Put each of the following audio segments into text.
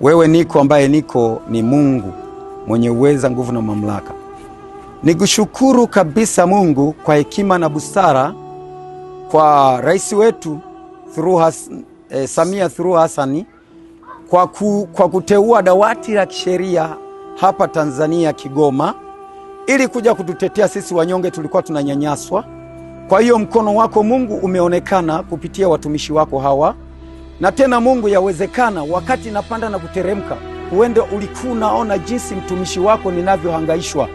Wewe niko ambaye niko ni Mungu mwenye uweza, nguvu na mamlaka. Nikushukuru kabisa Mungu kwa hekima na busara, kwa rais wetu Suluhu eh, Samia Suluhu Hassani kwa, ku, kwa kuteua dawati la kisheria hapa Tanzania Kigoma, ili kuja kututetea sisi wanyonge, tulikuwa tunanyanyaswa. Kwa hiyo mkono wako Mungu umeonekana kupitia watumishi wako hawa na tena Mungu, yawezekana wakati napanda na kuteremka, huenda ulikuwa unaona jinsi mtumishi wako ninavyohangaishwa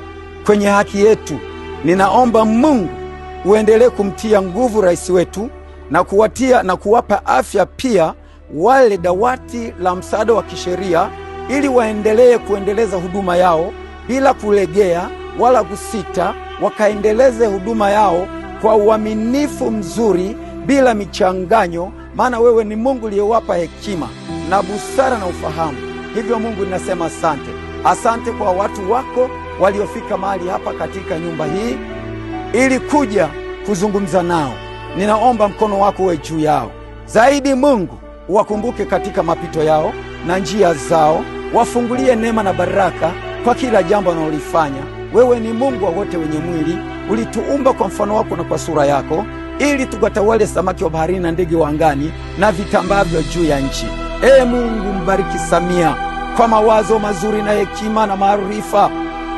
kwenye haki yetu. Ninaomba Mungu uendelee kumtia nguvu rais wetu na kuwatia na kuwapa afya pia wale dawati la msaada wa kisheria, ili waendelee kuendeleza huduma yao bila kulegea wala kusita, wakaendeleze huduma yao kwa uaminifu mzuri bila michanganyo maana wewe ni Mungu uliyowapa hekima na busara na ufahamu. Hivyo Mungu ninasema asante, asante kwa watu wako waliofika mahali hapa katika nyumba hii ili kuja kuzungumza nao. Ninaomba mkono wako uwe juu yao zaidi, Mungu wakumbuke katika mapito yao na njia zao, wafungulie neema na baraka kwa kila jambo wanalolifanya. Wewe ni Mungu wa wote wenye mwili, ulituumba kwa mfano wako na kwa sura yako ili tukatawale samaki wa baharini na ndege wa angani na vitambavyo juu ya nchi. Ee Mungu, mbariki Samia kwa mawazo mazuri na hekima na maarifa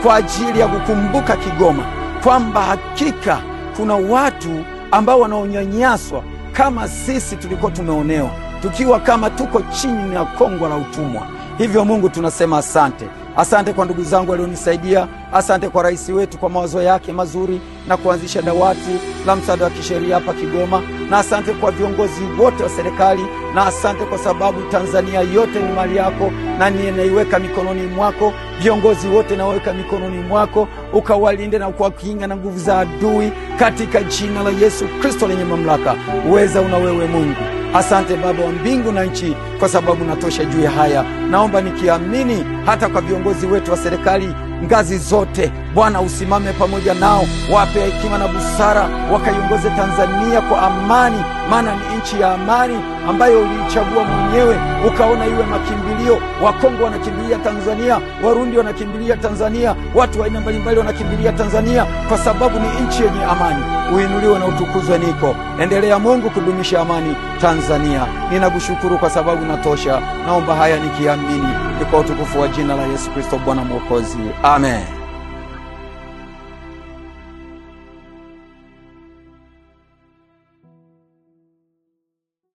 kwa ajili ya kukumbuka Kigoma kwamba hakika kuna watu ambao wanaonyanyaswa kama sisi tulikuwa tumeonewa tukiwa kama tuko chini ya kongwa la utumwa. Hivyo Mungu tunasema asante. Asante kwa ndugu zangu walionisaidia. Asante kwa rais wetu kwa mawazo yake mazuri na kuanzisha dawati la msaada wa kisheria hapa Kigoma, na asante kwa viongozi wote wa serikali, na asante kwa sababu Tanzania yote ni mali yako na ninaiweka mikononi mwako viongozi wote nawaweka mikononi mwako, ukawalinde na kuwakinga na nguvu za adui, katika jina la Yesu Kristo lenye mamlaka. Uweza una wewe Mungu. Asante Baba wa mbingu na nchi, kwa sababu natosha juu ya haya. Naomba nikiamini hata kwa viongozi wetu wa serikali ngazi zote, Bwana usimame pamoja nao, wape hekima na busara, wakaiongoze Tanzania kwa amani, maana ni nchi ya amani ambayo uliichagua mwenyewe, ukaona iwe makimbilio. Wakongo wanakimbilia Tanzania, Warundi mbalimbali wanakimbilia Tanzania, watu wa aina mbalimbali wanakimbilia Tanzania kwa sababu ni nchi yenye amani. Uinuliwe na utukuzwe niko. Endelea Mungu kudumisha amani Tanzania. Ninakushukuru kwa sababu natosha. Naomba haya nikiamini ni kwa utukufu wa jina la Yesu Kristo Bwana Mwokozi, amen.